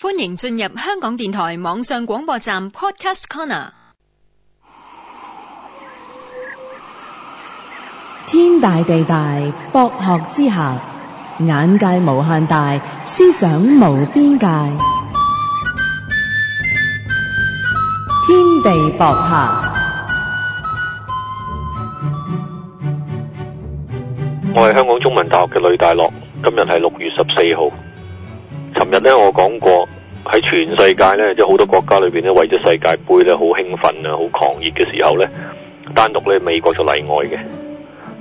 歡迎進入香港電台網上廣播站 Podcast Corner。天大地大，博學之下，眼界無限大，思想無邊界。天地博客，我係香港中文大學嘅呂大樂，今日係六月十四號。琴日咧，我講過喺全世界咧，即好多國家裏邊咧，為咗世界杯咧，好興奮啊，好狂熱嘅時候咧，單獨咧美國就例外嘅。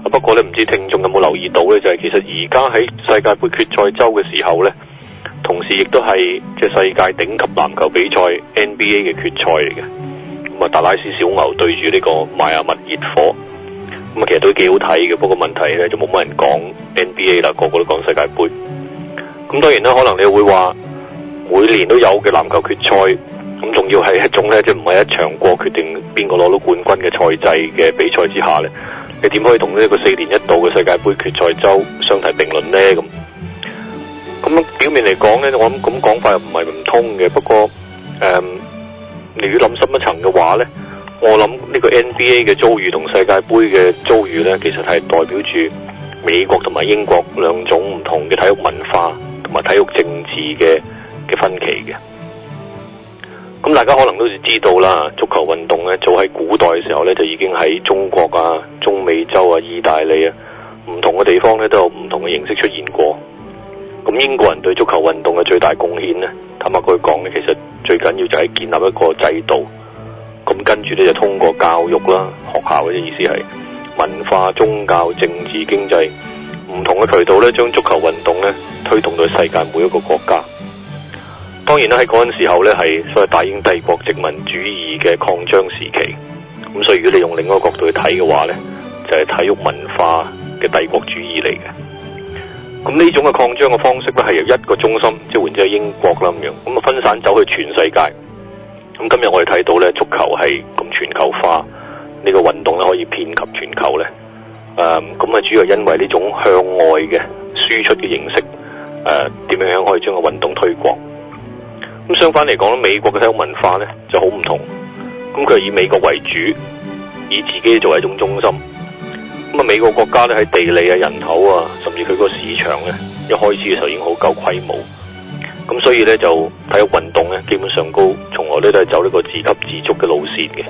不過咧，唔知聽眾有冇留意到咧，就係、是、其實而家喺世界杯決賽周嘅時候咧，同時亦都係即係世界頂級籃球比賽 NBA 嘅決賽嚟嘅。咁啊，達拉斯小牛對住呢、這個邁阿密熱火，咁啊，其實都幾好睇嘅。不過問題咧，就冇乜人講 NBA 啦，個個都講世界杯。咁當然啦，可能你會話每年都有嘅籃球決賽，咁仲要係一種呢，即唔係一場過決定邊個攞到冠軍嘅賽制嘅比賽之下呢，你點可以同呢個四年一度嘅世界盃決賽周相提並論呢？咁咁表面嚟講呢，我諗咁講法又唔係唔通嘅。不過，誒、嗯，你要諗深一層嘅話呢，我諗呢個 NBA 嘅遭遇同世界盃嘅遭遇呢，其實係代表住美國同埋英國兩種唔同嘅體育文化。同埋體育政治嘅嘅分歧嘅，咁大家可能都知道啦。足球運動呢，早喺古代嘅時候呢，就已經喺中國啊、中美洲啊、意大利啊、唔同嘅地方呢，都有唔同嘅形式出現過。咁英國人對足球運動嘅最大貢獻呢，坦白佢講嘅，其實最緊要就係建立一個制度。咁跟住呢，就通過教育啦、學校嘅意思係文化、宗教、政治、經濟。唔同嘅渠道咧，將足球運動咧，推動到世界每一個國家。當然咧喺嗰陣時候咧，係所謂大英帝國殖民主義嘅擴張時期，咁所以如果你用另外一個角度去睇嘅話咧，就係體育文化嘅帝國主義嚟嘅。咁呢種嘅擴張嘅方式咧，係由一個中心，即係換言之，係英國啦咁樣，咁分散走去全世界。咁今日我哋睇到咧，足球係咁全球化，呢、這個運動咧可以遍及全球咧。誒，咁啊，主要因為呢種向外嘅輸出嘅形式，誒、呃，點樣樣可以將個運動推廣？咁相反嚟講咧，美國嘅體育文化呢就好唔同，咁、嗯、佢以美國為主，以自己作為一種中心。咁、嗯、啊，美國國家咧喺地理啊、人口啊，甚至佢個市場呢，一開始嘅時候已經好夠規模，咁、嗯、所以呢，就體育運動呢基本上高從來都係走呢個自給自足嘅路線嘅，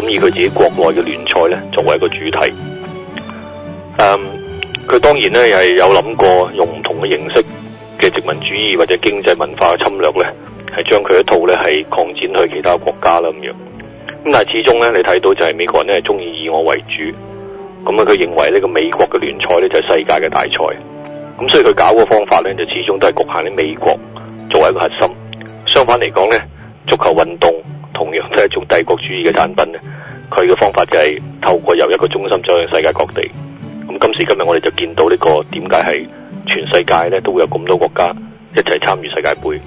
咁以佢自己國內嘅聯賽呢，作為一個主題。嗯，佢當然咧係有諗過用唔同嘅形式嘅殖民主義或者經濟文化嘅侵略呢係將佢一套呢係擴展去其他國家啦咁樣。咁但係始終呢，你睇到就係美國人咧係中意以我為主，咁啊佢認為呢、這個美國嘅聯賽呢，就係、是、世界嘅大賽，咁、嗯、所以佢搞個方法呢，就始終都係局限喺美國作為一個核心。相反嚟講呢，足球運動同樣都係做帝國主義嘅產品咧，佢嘅方法就係透過由一個中心走向世界各地。今時今日，我哋就見到呢個點解喺全世界呢都會有咁多國家一齊參與世界盃。